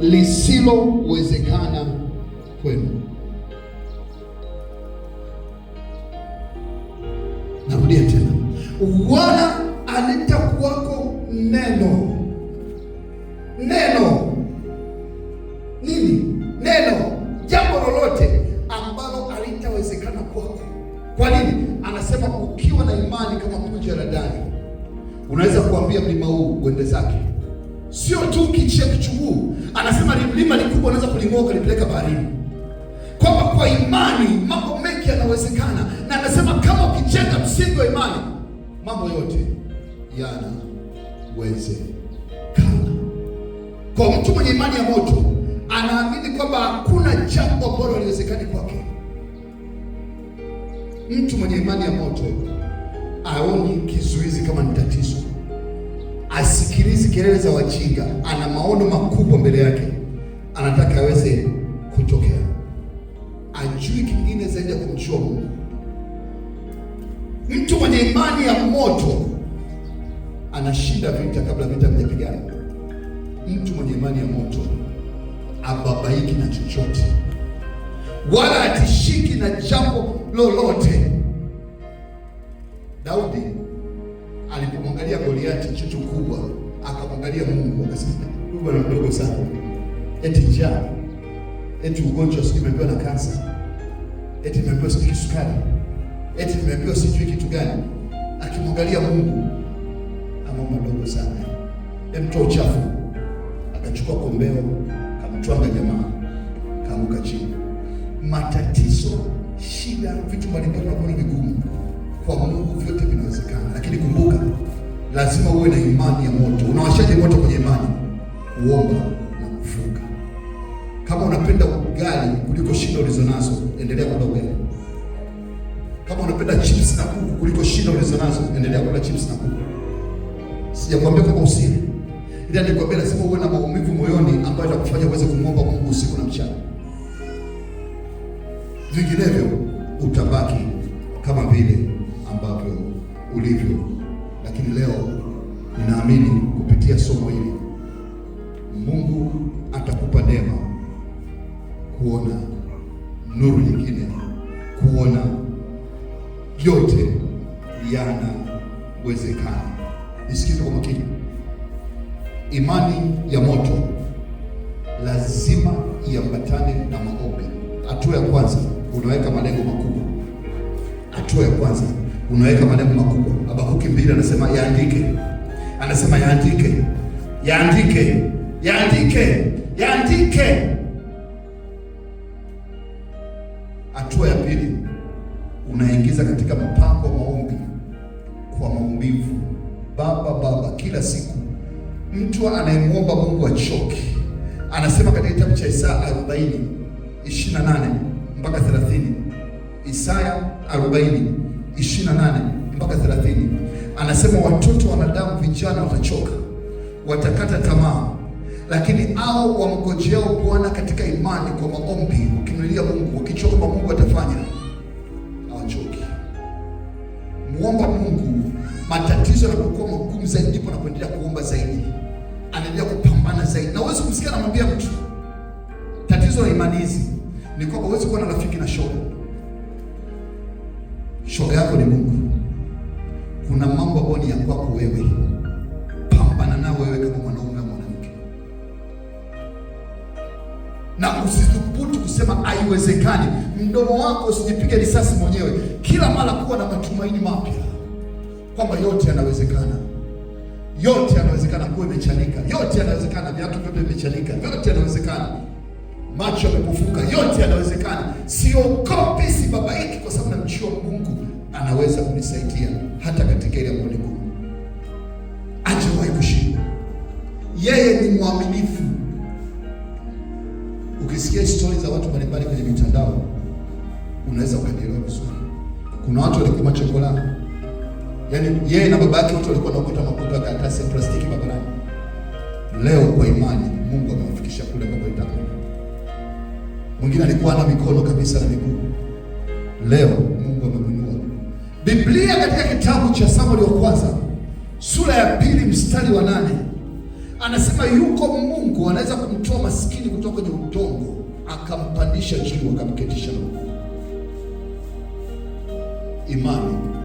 lisilowezekana kwenu. Narudia tena, alita alitakuwako neno. Neno nini? Neno, jambo lolote ambalo alitawezekana kwako. Kwa nini? Anasema ukiwa na imani kama punje la Dani, unaweza kuambia mlima huu uende zake sio tu kichia kichuguu, anasema limlima likubwa unaweza kuling'oa ukalipeleka baharini, kwamba kwa imani mambo mengi yanawezekana, na anasema kama ukicheka msingi wa imani mambo yote yanawezekana. Kwa mtu mwenye imani ya moto, anaamini kwamba hakuna jambo bora haliwezekani kwake. Mtu mwenye imani ya moto aoni kizuizi kama ni tatizo asikilizi kelele za wajinga, ana maono makubwa mbele yake, anataka aweze kutokea, ajui kingine zaidi ya kumjua Mungu. Mtu mwenye imani ya moto anashinda vita kabla vita vijapigana. Mtu mwenye imani ya moto ababaiki na chochote, wala atishiki na jambo lolote. Daudi akamwangalia Goliati jicho kubwa, akamwangalia Mungu akasema, huyu bwana mdogo sana, eti njaa, eti ugonjwa, sijui nimepewa na kansa, eti nimepewa sijui kisukari, eti nimepewa sijui kitu gani, akimwangalia Mungu, ama mdogo sana, emtoa uchafu. Akachukua kombeo, kamtwanga jamaa, kaanguka chini. Matatizo, shida, vitu mbalimbali vinakuwa vigumu kwa Mungu vyote vinawezekana, lakini kumbuka lazima uwe na imani ya moto. Unawashaje moto kwenye imani? Kuomba na kufunga. Kama unapenda ugali kuliko shida ulizonazo, endelea kula ugali. Kama unapenda chips na kuku kuliko shida ulizonazo, endelea kula chips na kuku. Sijakwambia kwamba usile, ila nikwambia lazima uwe na maumivu moyoni ambayo itakufanya uweze kumwomba Mungu usiku na mchana, vinginevyo utabaki kama vile ambavyo ulivyo lakini leo ninaamini kupitia somo hili Mungu atakupa neema kuona nuru nyingine, kuona yote yanawezekana. Nisikize kwa makini, imani ya moto lazima iambatane na maombi. Hatua ya kwanza unaweka malengo makubwa. Hatua ya kwanza unaweka malengo makubwa Habakuki mbili anasema yaandike, anasema yaandike, yaandike, yaandike, yaandike. Hatua ya pili unaingiza katika mpango maombi kwa maumivu. Baba, Baba, kila siku mtu anayemwomba Mungu achoke, anasema katika kitabu cha Isaya 40 28 mpaka 30, Isaya 40 28 mpaka 30 anasema watoto wanadamu vijana watachoka, watakata tamaa, lakini au wamgojeao Bwana katika imani kwa maombi, ukinulia Mungu, ukichoka kwa Mungu atafanya, hawachoki. Muomba Mungu. Matatizo yanapokuwa magumu zaidi, ndipo anapoendelea kuomba zaidi, anaendelea kupambana zaidi. Na uwezi kumsikia anamwambia mtu tatizo la imani hizi ni kwamba huwezi kuwa na rafiki na shoga. Shoga yako ni Mungu ni ya kwako wewe. Pambana nao wewe kama mwanaume au mwanamke, na usithubutu kusema haiwezekani. Mdomo wako usijipige risasi mwenyewe. Kila mara kuwa na matumaini mapya kwamba yote yanawezekana, yote yanawezekana. kuwa imechanika, yote yanawezekana. Viatu vyote vimechanika, yote yanawezekana. Macho yamepofuka, yote yanawezekana. baba sibabaiki, kwa sababu namjua Mungu anaweza kunisaidia hata mwaminifu. Ukisikia stori za watu mbalimbali kwenye mitandao, unaweza ukanielewa vizuri. Kuna watu walikua machokola, yaani yeye na baba yake mtu alikuwa wanaokota makopo ya karatasi ya plastiki barabarani. Leo kwa imani, Mungu amemfikisha kule ambapo Mwingine alikuwa na mikono kabisa na miguu, leo Mungu amemwinua. Biblia katika kitabu cha Samueli wa kwanza sura ya pili mstari wa nane Anasema yuko Mungu anaweza kumtoa maskini kutoka kwenye udongo akampandisha juu akamketisha. Imani.